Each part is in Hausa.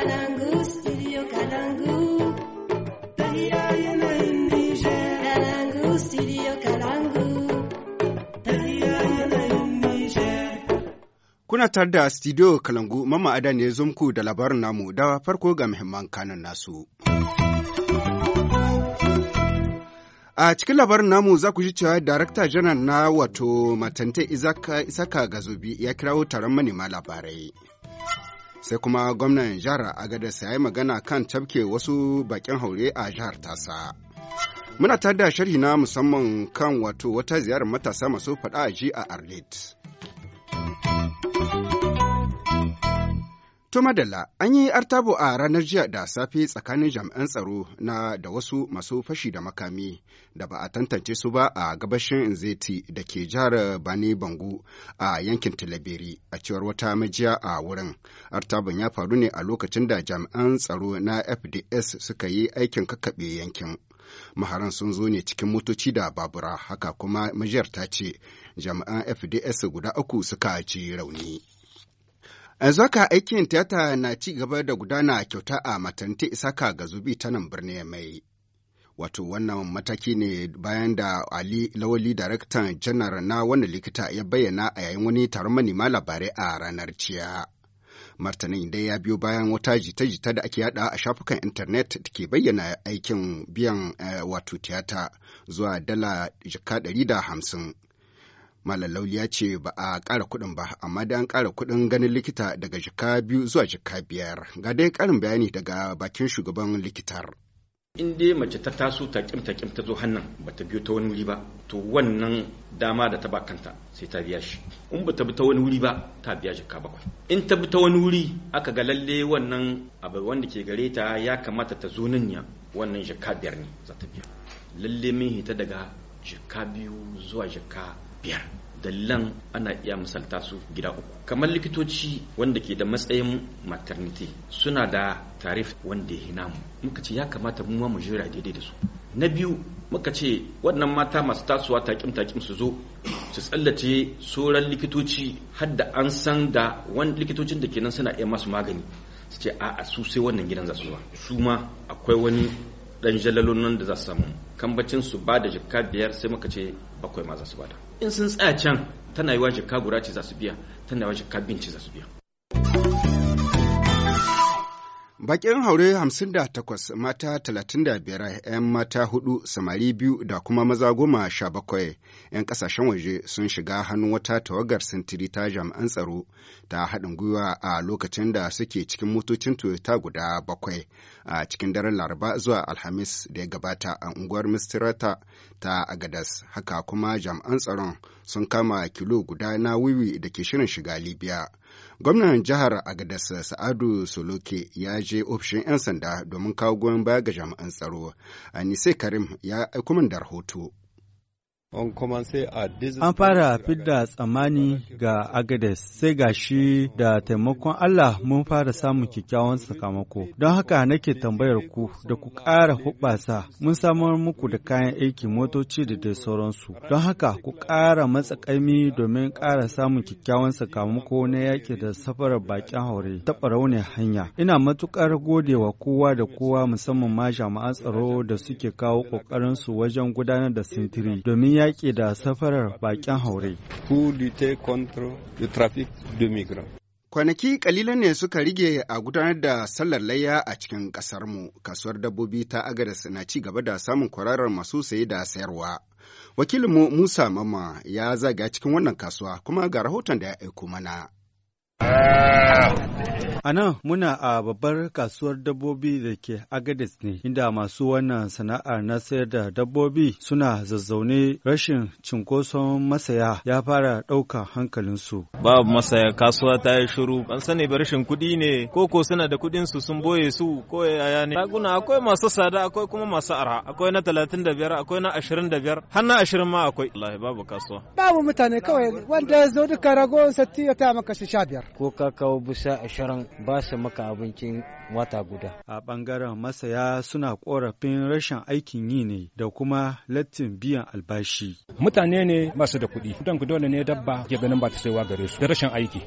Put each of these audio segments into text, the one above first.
kalangu studio kuna tare da studio kalangu mamma ada ne zumku da labarin namu da farko ga muhimman kanan nasu A cikin labarin namu za ku ji cewa Darakta Janar na wato matante Isaka Gazobi ya kirawo taron manema labarai. sai kuma gwamnan jihar agadas ya yi magana kan tafke wasu bakin haure a jihar tasa muna tare da sharhi na musamman kan wato wata ziyarar matasa masu faɗa a ji a arlit To madalla an yi artabo a ranar jiya da safe tsakanin jami'an tsaro na da wasu masu fashi da makami da ba a tantance su ba a gabashin Nzeti da ke jihar Bani Bangu a yankin Tilaberi a cewar wata majiya a wurin. Artabon ya faru ne a lokacin da jami'an tsaro na FDS suka yi aikin kakkaɓe yankin. maharan sun zo ne cikin motoci da babura haka kuma majiyar ta ce jami'an fds guda uku suka ci rauni. yanzu haka aikin tiyata na ci gaba da gudana kyauta a matanti isaka ga zubi ta nan birni mai wato wannan mataki ne bayan da ali lawali daraktan janar na wani likita ya bayyana a yayin wani taron manema labarai a ranar ciya martanin dai ya biyo bayan wata jita-jita da ake yada a shafukan intanet da ke bayyana aikin biyan eh, wato tiyata zuwa dala jika 150 malalauliya ce ba a ƙara kuɗin ba, amma da an ƙara kuɗin ganin likita daga jika biyu zuwa jika biyar. Ga dai ƙarin bayani daga bakin shugaban likitar. in dai mace ta taso ta kim ta zo hannan ba ta biyo ta wani wuri ba to wannan dama da ta ba kanta sai ta biya shi in ba ta bi ta wani wuri ba ta biya jikka bakwai in ta bi ta wani wuri aka ga lalle wannan abu wanda ke gare ta ya kamata ta zo nan ya wannan jikka biyar ne za ta biya lalle min hita daga jikka biyu zuwa jikka biyar dalilan ana iya misalta su gida uku kamar likitoci wanda ke da matsayin maternity suna da tarif wanda ya namu muka ce ya kamata mu ma mu jira daidai da su na biyu muka ce waɗannan mata masu tasowa takim takim su zo su tsallace sauran likitoci har an san da wani likitocin da kenan suna iya masu magani su ce a su sai wannan gidan za su zuwa su ma akwai wani dan jalalun nan da za su samu kambacin su ba da jikka biyar sai muka ce bakwai ma za su bada in sun tsaya can tana wa jikka guda ce za su biya tana wa jikka bin ce za su biya Bakin haure 58 mata 35 'yan mata hudu samari biyu da kuma maza goma sha bakwai 'yan kasashen waje sun shiga hannun wata tawagar sintiri ta jami'an tsaro ta haɗin gwiwa a lokacin da suke cikin motocin Toyota guda bakwai a cikin daren Laraba zuwa Alhamis da ya gabata a unguwar Mistirata ta Agadas. Haka kuma jami'an tsaron sun kama kilo guda na wiwi da ke shirin shiga Libya. Gwamnan jihar Agadas Sa'adu Soloke ya je ofishin 'yan sanda domin kawo goyon baya ga jami'an tsaro. Anise Karim ya aiko min da rahoto. An fara fidda tsammani ga Agades sai ga shi da taimakon Allah mun fara samun kyakkyawan sakamako. Don haka nake tambayar ku da ku ƙara hubasa mun samar muku da kayan aiki motoci da dai sauransu. Don haka ku ƙara matsakaimi domin ƙara samun kyakkyawan sakamako na yaƙi da safarar bakin haure ta ne hanya. Ina matuƙar godewa kowa da kowa musamman ma jama'an tsaro da suke kawo ƙoƙarinsu wajen gudanar da sintiri domin yaƙi da safarar baƙin haure. Kwanaki kalilan ne suka rige a gudanar da sallar layya a cikin ƙasarmu, kasuwar dabbobi ta agadas na ci gaba da samun kwararar masu saye da sayarwa. Wakilinmu Musa Mama ya zaga cikin wannan kasuwa kuma ga rahoton da ya aiko mana. A nan muna a babbar kasuwar dabbobi da ke Agadez ne, inda masu wannan sana'ar na sayar da dabbobi suna zazzaune rashin cinkoson masaya ya fara ɗauka hankalinsu. Babu masaya kasuwa ta yi shiru, an sani ba rashin kuɗi ne, Ko ko suna da kuɗin su sun boye su ko yaya ne. Raguna akwai masu sada akwai kuma masu arha, akwai na talatin da biyar akwai na ashirin da biyar har na ashirin ma akwai. Allah babu kasuwa. Babu mutane kawai wanda ya zo duka rago sati ya taya maka shi sha biyar. Ko ka kawo bisa ashirin ba su maka abincin wata guda. A bangaren masaya suna korafin rashin aikin yi ne da kuma lattin biyan albashi. Mutane ne ba da kuɗi, don dole ne dabba ke ganin ba ta saiwa gare su da rashin aiki.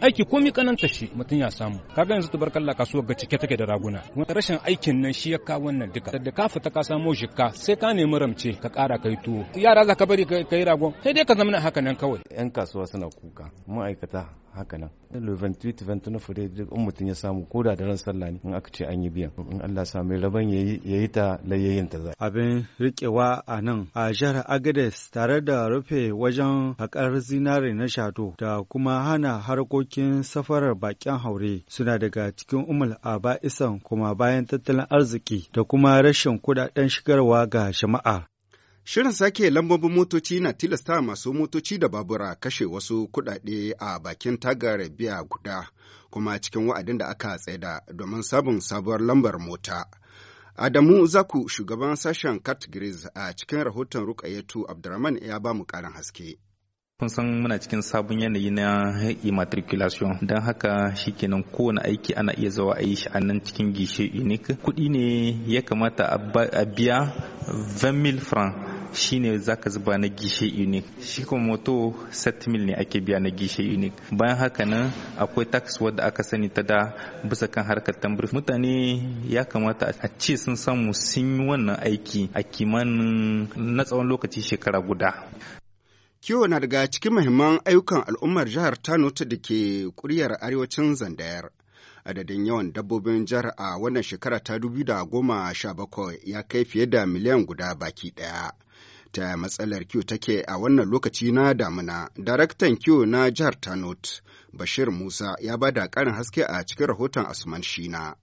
Aiki komi kananta shi mutum ya samu. Kaga yanzu kalla kasuwar ga cike take da raguna. Rashin aikin nan shi ya kawo wannan duka. Da ka fita ka samo jikka sai ka nemi ramce ka ƙara kai tuwo. Yara za ka bari ka yi ragon, sai dai ka zama haka nan kawai. 'Yan kasuwa suna kuka, ma'aikata haka nan. 28 29 duk in mutum ya samu koda da ran Allah ne in aka ce an yi biyan in Allah sa mai rabon yayi ta layayin ta za abin rikewa a nan a jihar Agades tare da rufe wajen haƙar zinare na shato da kuma hana harkokin safarar bakin haure suna daga cikin umul isan kuma bayan tattalin arziki da kuma rashin kudaden shigarwa ga jama'a Shirin sake lambobin motoci na tilasta masu motoci da babura kashe wasu kuɗaɗe a bakin tagar biya guda kuma cikin wa'adin da aka tsaida domin sabon sabuwar lambar mota. Adamu Zaku shugaban sashen Cat a cikin rahoton Rukayetu Abdurrahman ya ba mu ƙarin haske. kun san muna cikin sabon yanayi na immatriculation don haka shi shikenan kowane aiki ana iya zuwa a yi shi a nan cikin gishe unique kuɗi ne ya kamata a biya 20,000 francs ne za ka zuba na gishe unique shi kuma moto set mil ne ake biya na gishe unique bayan haka nan akwai tax wadda aka sani ta da bisa kan harkar tambur mutane ya kamata a ce sun samu sun yi wannan aiki a kimanin na tsawon lokaci shekara guda Kiwo na daga cikin mahimman ayyukan al'ummar jihar Tano ta da ke kuryar arewacin Zandayar. Adadin yawan dabbobin jihar a wannan shekara ta bakwai ya kai fiye da miliyan guda baki ɗaya. ta matsalar Q take a wannan lokaci na damuna. Daraktan Q na jihar Tanot, Bashir Musa ya bada karin haske a cikin rahoton Asuman Shina.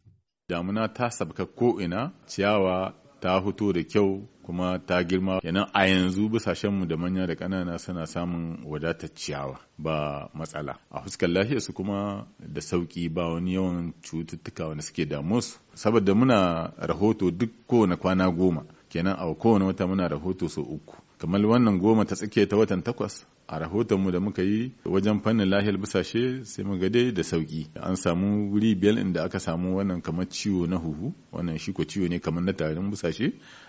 Damuna ta sabka ko'ina, ciyawa ta fito da kyau kuma ta girma kenan a yanzu bisashenmu da manya da ƙanana suna samun wadatar ciyawa ba matsala a fuskar lafiyarsu kuma da sauƙi ba wani yawan cututtuka wanda suke damu su saboda muna rahoto duk kowane kwana goma kenan a kowane wata muna rahoto sau uku kamar wannan goma ta tsakiya ta watan takwas a rahoton mu da muka yi wajen fannin lahiyar busashe sai mu dai da sauki an samu wuri biyar inda aka samu wannan kamar ciwo na huhu wannan shi ko ciwo ne kamar na tarin busashe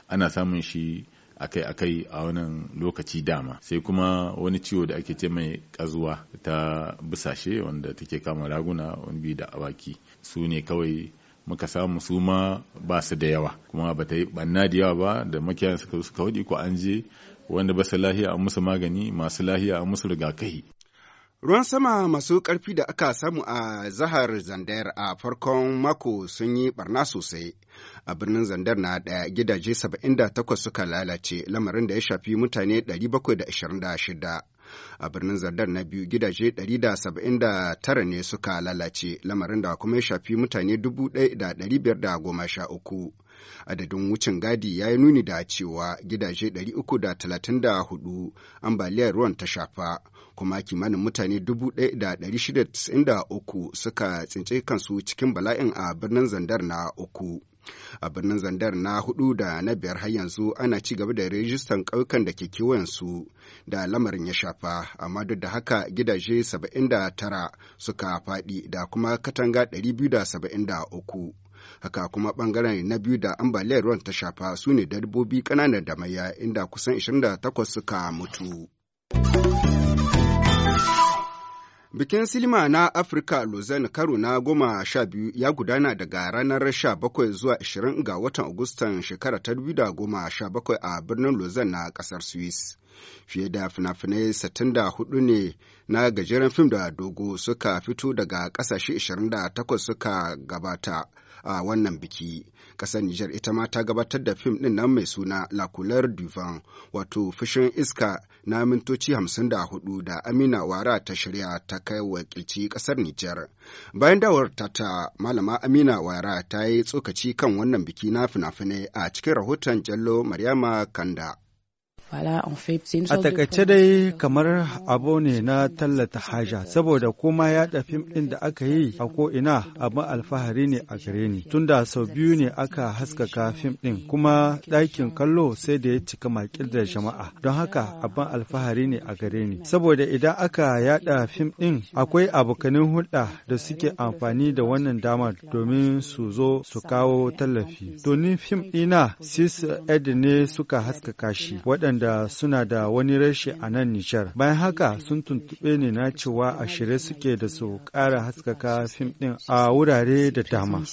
ana samun shi akai-akai a wannan lokaci dama sai kuma wani ciwo da ake ce mai kazuwa ta busashe wanda take kama raguna wani bi da awaki su ne kawai muka samu su ma ba su da yawa kuma ba ta yi banna da yawa ba da makiyayan suka suka hudu ko an je wanda ba su lahiya a musu magani masu lahiya a musu rigakahi Ruwan sama masu ƙarfi da aka samu a zahar Zandar a farkon mako sun yi barna sosai. A birnin Zandar na da gidaje 78 suka lalace lamarin da ya shafi mutane 726. a birnin zardar na biyu gidaje 179 ne suka lalace lamarin da kuma ya shafi mutane 1,513 adadin wucin gadi ya yi nuni da cewa gidaje 334 ambaliyar ruwan ta shafa kuma kimanin mutane 1,693 suka tsinci kansu cikin bala'in a birnin zandar na uku. a birnin zandar na hudu da na biyar har yanzu ana ci gaba da rijistan ƙauyukan da ke su da lamarin ya shafa amma duk da haka gidaje 79 suka faɗi da kuma katanga 273 haka kuma ɓangaren na biyu da ambaliyar ruwan ta shafa su ne da dabbobi ƙananan da maya inda kusan 28 suka mutu. Bikin silima na Afirka Luzen karo na goma sha biyu ya gudana daga ranar sha bakwai zuwa ashirin ga watan Agustan shekara ta dubu da goma sha bakwai a birnin Luzen na kasar Swiss. Fiye da fina-finai sittin da hudu ne na gajeren fim da dogo suka fito daga kasashe ashirin da takwas suka gabata. a wannan biki. Ƙasar Nijar ita ma ta gabatar da fim ɗin nan mai suna La Couleur du Vent wato fushin iska na mintoci hamsin da hudu da Amina Wara ta shirya ta kai wakilci ƙasar Nijar. Bayan dawar ta ta malama Amina Wara ta yi tsokaci kan wannan biki na fina-finai a cikin rahoton Jallo Maryama Kanda. A takaice dai kamar abu ne na tallata haja, saboda kuma ya fim ɗin da aka yi a ko'ina abin alfahari ne a gare ni, tunda sau biyu ne aka haskaka fim ɗin kuma ɗakin kallo sai da ya cika makil da jama'a, don haka abin alfahari ne a gare ni. Saboda idan aka yada fim ɗin akwai abokanin hulɗa da suke amfani da wannan damar domin su zo su kawo tallafi. Domin fim ɗina Sis Ed ne suka haskaka shi, waɗanda waɗanda suna da wani rashi a nan Nijar. Bayan haka sun tuntuɓe ni na cewa a shirye suke da su ƙara haskaka fim ɗin a wurare da dama.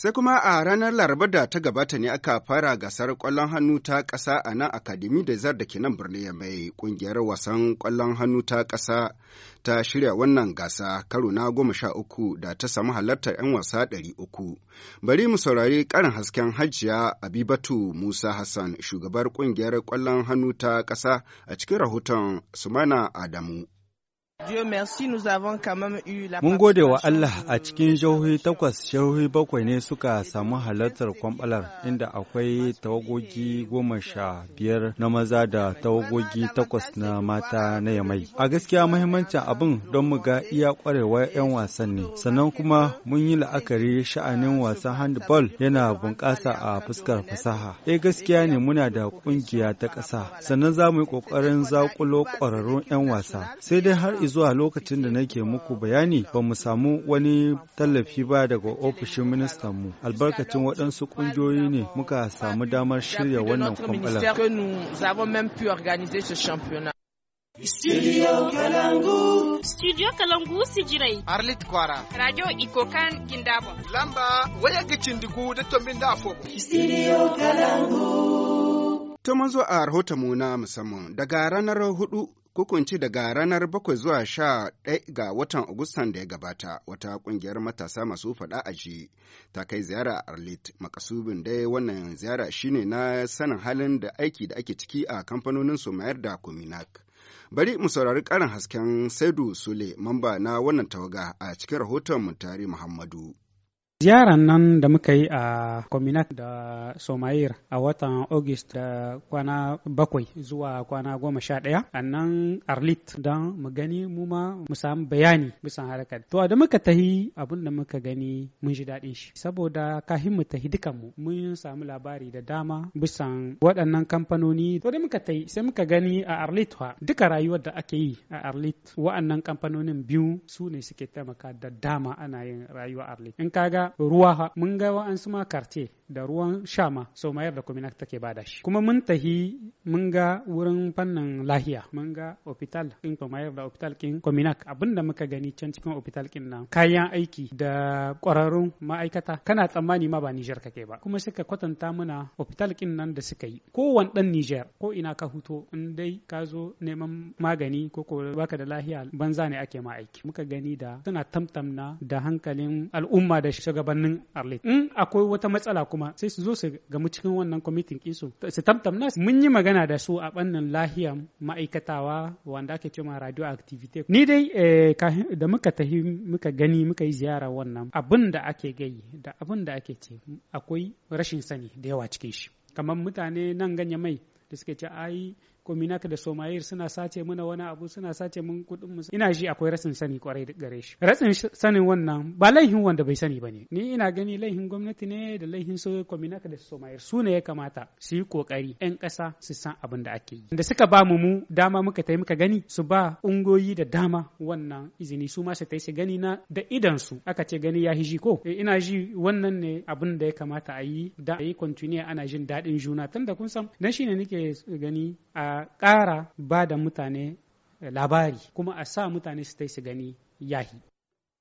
Sai kuma a ranar Laraba da ta gabata ne aka fara gasar ƙwallon hannu ta ƙasa a nan Akademi da Zar da ke nan birni ya mai ƙungiyar wasan ƙwallon hannu ta ƙasa ta shirya wannan gasa karo na goma sha uku da ta samu halartar 'yan wasa ɗari uku. Bari mu saurari ƙarin hasken hajjiya Abibatu Musa Hassan shugabar ƙungiyar ƙwallon hannu ta ƙasa a cikin rahoton Sumana Adamu. Mun gode wa Allah a cikin jihohi takwas jihohi bakwai ne suka samu halartar kwambalar inda akwai tawagogi goma sha biyar na maza da tawagogi takwas na mata na yamai. A gaskiya mahimmancin abin don mu ga iya kwarewar 'yan wasan ne. Sannan kuma mun yi la'akari sha'anin wasan handball yana bunƙasa a fuskar fasaha. E gaskiya ne muna da ƙungiya ta ƙasa. Sannan za mu yi ƙoƙarin zakulo ƙwararrun 'yan wasa. Sai dai har zuwa lokacin da nake muku bayani ba mu samu wani tallafi ba daga ofishin ministan mu. Albarkacin waɗansu ƙungiyoyi ne muka samu damar shirya wannan kwamfala. Studio Kalangu. Sijirai. Arlit Kwara. Radio Ikokan Kindabo. Lamba waya gicin digu da tombin da Studio Kalangu. To mun zo a rahotonmu na musamman daga ranar hudu hukunci daga ranar 7 zuwa 11 ga watan Agustan da ya gabata wata kungiyar matasa masu faɗa a ji ta kai ziyara a Arlit makasubin dai wannan ziyara shine na sanin halin da aiki da ake ciki a kamfanonin su mayar da Kuminak. Bari mu saurari karin hasken Saidu Sule mamba na wannan tawaga a cikin rahoton Mutari Muhammadu. Ziyaran nan da muka yi a Kominak da Somayir a watan August da eh, kwana bakwai zuwa kwana goma sha ɗaya a nan Arlit don mu gani mu ma mu samu bayani bisan harkar. To da muka tahi abin da muka gani mun ji daɗin shi saboda kahin mu tahi dukanmu mun samu labari da dama bisan waɗannan kamfanoni. To da muka tahi sai muka gani a Arlit wa duka rayuwar da ake yi a Arlit wa'annan kamfanonin biyu su ne suke taimaka da dama ana yin rayuwa Arlit. In ga. ruwa ha mun ga an ma karte da ruwan sha ma so mayar da kominak take bada shi kuma mun tahi mun ga wurin fannin lahiya mun ga hospital in to mayar da hospital kin kominak abinda muka gani can cikin hospital kin nan kayan aiki da kwararrun ma'aikata kana tsammani ma ba Niger kake ba kuma suka kwatanta muna hospital kin nan da suka yi kowane dan Niger ko ina ka huto in dai ka zo neman magani ko ko baka da lahiya banza ne ake ma aiki muka gani da suna tamtamna da hankalin al'umma da shugabannin arlet in akwai wata matsala kuma sai su zo su gamu cikin wannan kwamitin kisu su tamtamna mun yi magana da su a bannin lahiya ma'aikatawa wanda ake cewa radio activity ni dai eh, da muka tahi muka gani muka yi ziyara wannan abin da ake gai da abin da ake ce akwai rashin sani da yawa cikin shi kamar mutane nan ganye mai da suke ce ai kominak da somayir suna sace mana wani abu suna sace mun kuɗin mu ina shi akwai rasin sani kwarai da gare shi rashin sanin wannan ba laihin wanda bai sani bane ni ina gani laihin gwamnati ne da laihin so kominak da somayir su ne ya kamata su yi kokari yan ƙasa su san abin da ake yi da suka ba mu mu dama muka tai muka gani su ba ungoyi da dama wannan izini su ma su tai su gani na da idan su aka ce gani ya hiji ko eh, ina ji wannan ne abin da ya kamata a yi da a yi continue ana jin daɗin juna tunda kun san dan shine nake gani a ƙara ba da mutane eh, labari kuma a sa mutane su su gani yahi.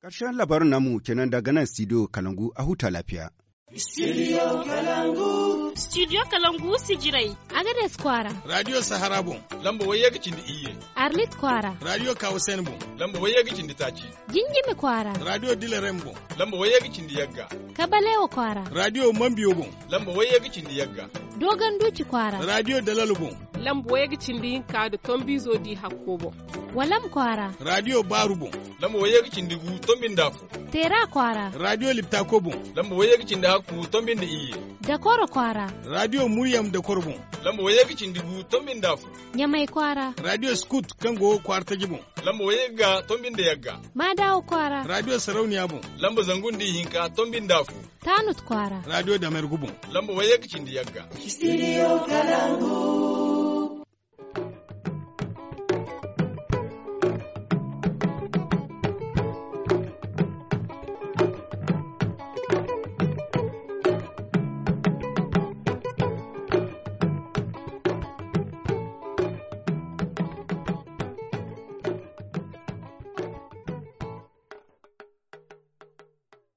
Ƙarshen labarin namu kenan daga nan studio Kalangu a huta lafiya. Studio Kalangu. Studio Kalangu jirai. Agades Kwara. Radio Sahara Bon. Lamba waya gicin da iye. Arlit Kwara. Radio Kausen Bon. Lamba waya gicin da taci. Jinjimi Kwara. Radio Dilaren Bon. Lamba waya gicin da yagga. Kabalewa Kwara. Radio Mambiyo Bon. Lamba waya gicin da yagga. Dogon Duci Kwara. Radio Dalalu Bon. lambo yegi cindi da tombi zodi hakkobo walam kwara radio barubo lambo yegi cindi gu tombin dafu tera kwara radio lipta kobo lambo yegi cindi hakku tombin da iye dakoro kwara radio muryam da korbo lambo yegi cindi gu tombin dafu nyamai kwara radio scoot kango kwarta jibo lambo yega tombin da yagga madao kwara radio sarauniya bo lambo zangundi hinka tombin dafu tanut kwara radio da mergubo lambo yegi cindi yagga studio kalangu